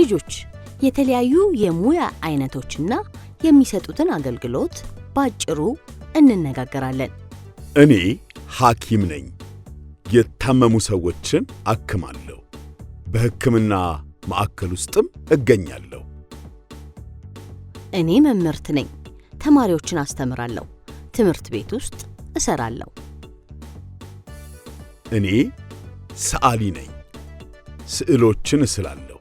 ልጆች የተለያዩ የሙያ አይነቶችና የሚሰጡትን አገልግሎት ባጭሩ እንነጋገራለን። እኔ ሐኪም ነኝ። የታመሙ ሰዎችን አክማለሁ። በሕክምና ማዕከል ውስጥም እገኛለሁ። እኔ መምህርት ነኝ። ተማሪዎችን አስተምራለሁ። ትምህርት ቤት ውስጥ እሰራለሁ። እኔ ሰዓሊ ነኝ። ስዕሎችን እስላለሁ።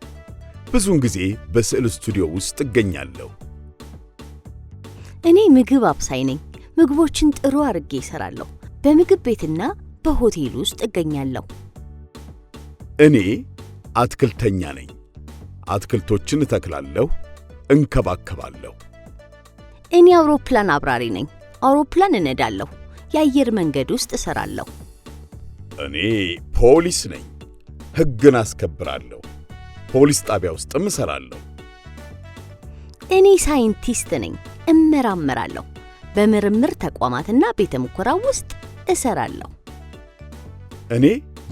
ብዙውን ጊዜ በስዕል ስቱዲዮ ውስጥ እገኛለሁ። እኔ ምግብ አብሳይ ነኝ። ምግቦችን ጥሩ አድርጌ እሰራለሁ። በምግብ ቤትና በሆቴል ውስጥ እገኛለሁ። እኔ አትክልተኛ ነኝ። አትክልቶችን እተክላለሁ፣ እንከባከባለሁ። እኔ አውሮፕላን አብራሪ ነኝ። አውሮፕላን እነዳለሁ። የአየር መንገድ ውስጥ እሰራለሁ። እኔ ፖሊስ ነኝ። ሕግን አስከብራለሁ። ፖሊስ ጣቢያ ውስጥም እሰራለሁ። እኔ ሳይንቲስት ነኝ፣ እመራመራለሁ። በምርምር ተቋማትና ቤተ ሙከራ ውስጥ እሰራለሁ። እኔ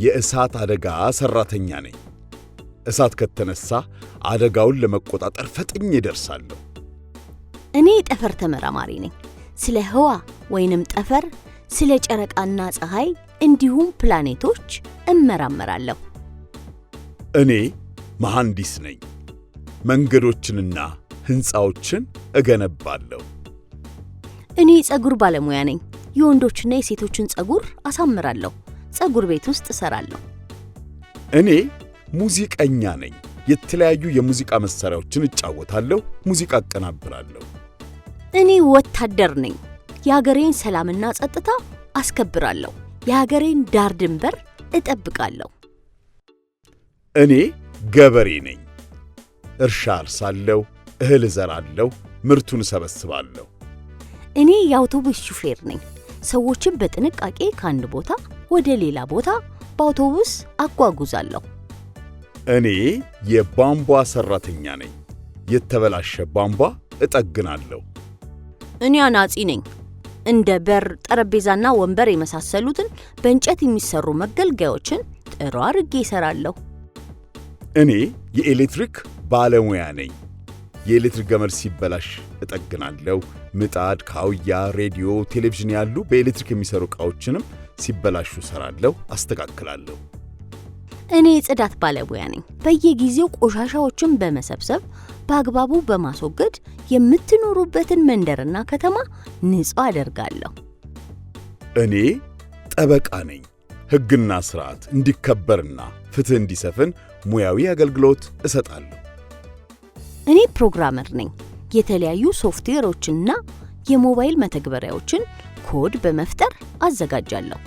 የእሳት አደጋ ሰራተኛ ነኝ። እሳት ከተነሳ አደጋውን ለመቆጣጠር ፈጥኜ እደርሳለሁ። እኔ ጠፈር ተመራማሪ ነኝ። ስለ ህዋ ወይንም ጠፈር፣ ስለ ጨረቃና ፀሐይ እንዲሁም ፕላኔቶች እመራመራለሁ። እኔ መሐንዲስ ነኝ። መንገዶችንና ሕንፃዎችን እገነባለሁ። እኔ ጸጉር ባለሙያ ነኝ። የወንዶችና የሴቶችን ፀጉር አሳምራለሁ። ፀጉር ቤት ውስጥ እሰራለሁ። እኔ ሙዚቀኛ ነኝ። የተለያዩ የሙዚቃ መሳሪያዎችን እጫወታለሁ፣ ሙዚቃ አቀናብራለሁ። እኔ ወታደር ነኝ። የሀገሬን ሰላምና ጸጥታ አስከብራለሁ። የሀገሬን ዳር ድንበር እጠብቃለሁ። እኔ ገበሬ ነኝ። እርሻ አርሳለሁ፣ እህል እዘራለሁ፣ ምርቱን እሰበስባለሁ። እኔ የአውቶቡስ ሹፌር ነኝ። ሰዎችን በጥንቃቄ ከአንድ ቦታ ወደ ሌላ ቦታ በአውቶቡስ አጓጉዛለሁ። እኔ የቧንቧ ሠራተኛ ነኝ። የተበላሸ ቧንቧ እጠግናለሁ። እኔ አናጺ ነኝ። እንደ በር፣ ጠረጴዛና ወንበር የመሳሰሉትን በእንጨት የሚሰሩ መገልገያዎችን ጥሩ አድርጌ እሰራለሁ። እኔ የኤሌክትሪክ ባለሙያ ነኝ። የኤሌክትሪክ ገመድ ሲበላሽ እጠግናለሁ። ምጣድ፣ ካውያ፣ ሬዲዮ፣ ቴሌቪዥን ያሉ በኤሌክትሪክ የሚሰሩ ዕቃዎችንም ሲበላሹ እሰራለሁ፣ አስተካክላለሁ። እኔ የጽዳት ባለሙያ ነኝ። በየጊዜው ቆሻሻዎችን በመሰብሰብ በአግባቡ በማስወገድ የምትኖሩበትን መንደርና ከተማ ንጹህ አደርጋለሁ። እኔ ጠበቃ ነኝ። ሕግና ሥርዓት እንዲከበርና ፍትሕ እንዲሰፍን ሙያዊ አገልግሎት እሰጣለሁ። እኔ ፕሮግራመር ነኝ። የተለያዩ ሶፍትዌሮችንና የሞባይል መተግበሪያዎችን ኮድ በመፍጠር አዘጋጃለሁ።